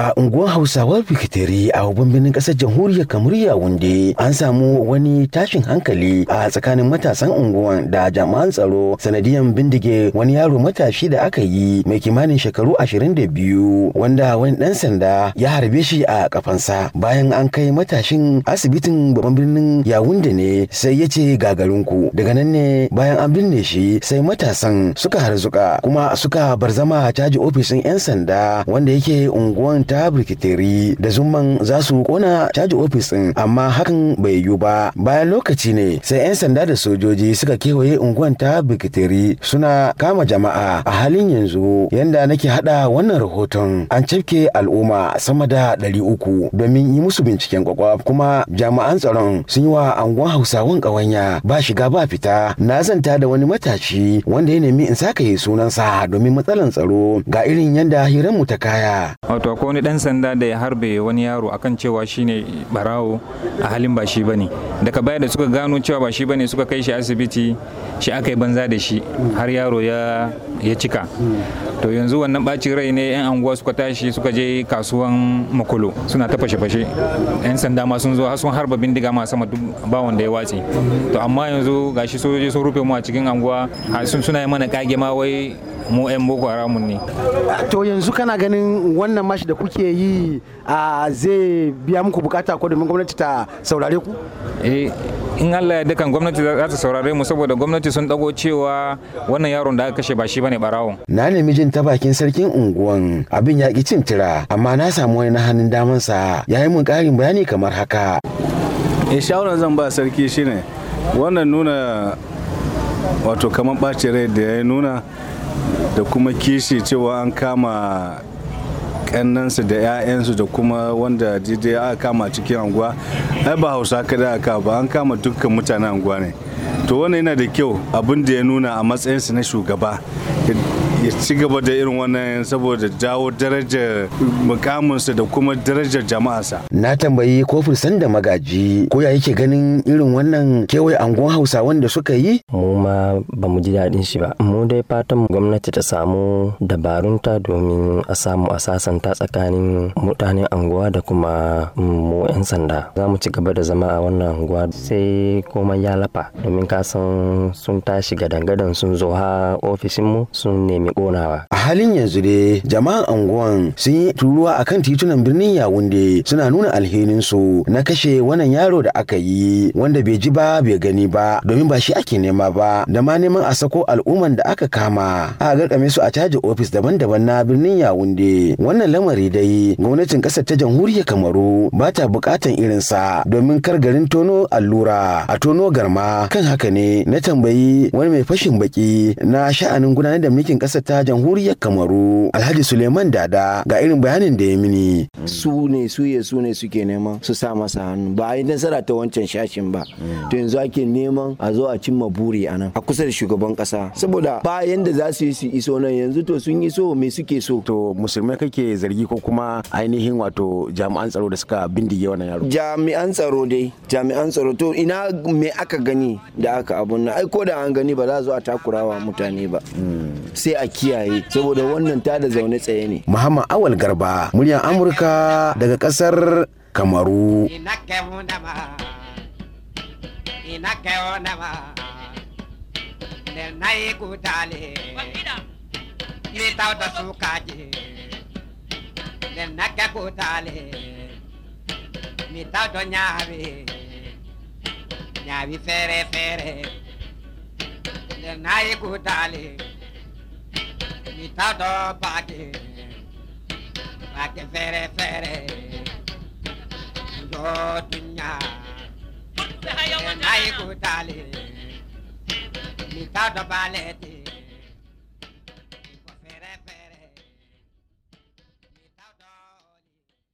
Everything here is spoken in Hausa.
a unguwar hausawa fikitiri a babban birnin kasar jamhuriyar kamuriya wunde an samu wani tashin hankali a tsakanin matasan unguwan da jami'an tsaro sanadiyan bindige wani yaro matashi da aka yi mai kimanin shekaru ashirin da biyu wanda wani ɗan sanda ya harbe shi a kafansa bayan an kai matashin asibitin babban birnin yawunde ne sai ya ce gagarinku daga nan ne bayan an binne shi sai matasan suka harzuka kuma suka bar barzama caji ofishin 'yan sanda wanda yake unguwan ta birkiteri da zumman za su kona caji ofis din amma hakan bai yiwu ba bayan lokaci ne sai 'yan sanda da sojoji suka kewaye unguwan ta birkiteri suna kama jama'a a halin yanzu yanda nake hada wannan rahoton an cafke al'umma sama da ɗari uku domin yi musu binciken kwakwaf kuma jami'an tsaron sun yi wa anguwan hausawan ƙawanya ba shiga ba fita na zanta da wani matashi wanda ya nemi in sakaye sunansa domin matsalan tsaro ga irin yanda hiranmu ta kaya. Wato ko wani dan sanda da ya harbe wani yaro akan cewa shine barawo a halin ba shi bane daga baya da suka gano cewa ba shi bane suka kai shi asibiti shi aka yi banza da shi har yaro ya cika to yanzu wannan bacin rai ne yan anguwa suka tashi suka je kasuwan makolo suna ta fashe fashe yan sanda ma sun zo har sun harba bindiga ma sama duk ba wanda ya watse to amma yanzu gashi sojoji sun rufe mu a cikin anguwa sun suna yi mana kage ma wai mu 'yan boko haramun ne to yanzu kana ganin wannan mashi da kuke yi a zai biya muku bukata ko domin gwamnati ta saurare ku eh, in Allah ya dakan gwamnati za ta saurare mu saboda gwamnati sun dago cewa wannan yaron da aka kashe ba shi bane barawon na nemi jin ta bakin sarkin unguwan abin ya ki cin tira amma na samu wani na hannun damansa ya yi mun karin bayani kamar haka sha eh, shawaran zan ba sarki shine wannan nuna wato kamar ɓacin rai da ya nuna da kuma kishi cewa an kama kannansu da 'ya'yansu da kuma wanda daidai aka kama cikin anguwa ai ba hausa kada aka ba an kama dukkan mutanen anguwa ne to wannan yana da kyau abin da ya nuna a matsayinsu na shugaba ya ci gaba da irin wannan saboda jawo darajar mukaminsa da kuma darajar jama'arsa. Na tambayi kofin da magaji ko ya yake ganin irin wannan kewaye angon hausa wanda suka yi? Mu ma ba mu ji daɗin shi ba. Mu dai fatan gwamnati ta samu dabarunta domin a samu a sasanta tsakanin mutanen anguwa da kuma mu 'yan sanda. Za mu ci gaba da zama a wannan anguwa sai komai ya lafa domin kasan sun tashi gadan sun zo ha ofishinmu sun nemi konawa a halin yanzu dai jama'an anguwan sun yi turuwa a kan titunan birnin yawunde suna nuna alhinin su na kashe wannan yaro da aka yi wanda bai ji ba bai gani ba domin ba shi ake nema ba da ma neman a sako al'umman da aka kama a garkame su a caji ofis daban-daban na birnin yawunde wannan lamari dai gwamnatin kasar ta jamhuriyar kamaru ba ta bukatan sa domin kar garin tono allura a tono garma kan haka ne na tambayi wani mai fashin baki na sha'anin gudanar da mulkin kasar ƙasar ta jamhuriyar kamaru alhaji suleiman dada ga irin bayanin da ya mini su ne su ya su ne suke neman su sa masa hannu ba a yi nasara ta wancan shashin ba to yanzu ake neman a zo a cimma buri a nan a kusa da shugaban kasa saboda bayan da za su yi su iso nan yanzu to sun iso me suke so to musulmai kake zargi ko kuma ainihin wato jami'an tsaro da suka bindige wannan yaro jami'an tsaro dai jami'an tsaro to ina me aka gani da aka abun nan ai ko da an gani ba za a zo a takurawa mutane ba hmm. sai a kiyaye saboda wannan ta da zaune tsaye ne muhammad awal garba muryar amurka daga kasar kamaru mi taw do ñaawi ñaawi ìta dọ bàkì bàkì fẹrẹfẹrẹ yọ dunya ayi ko taale ìta dọ balẹ tẹ.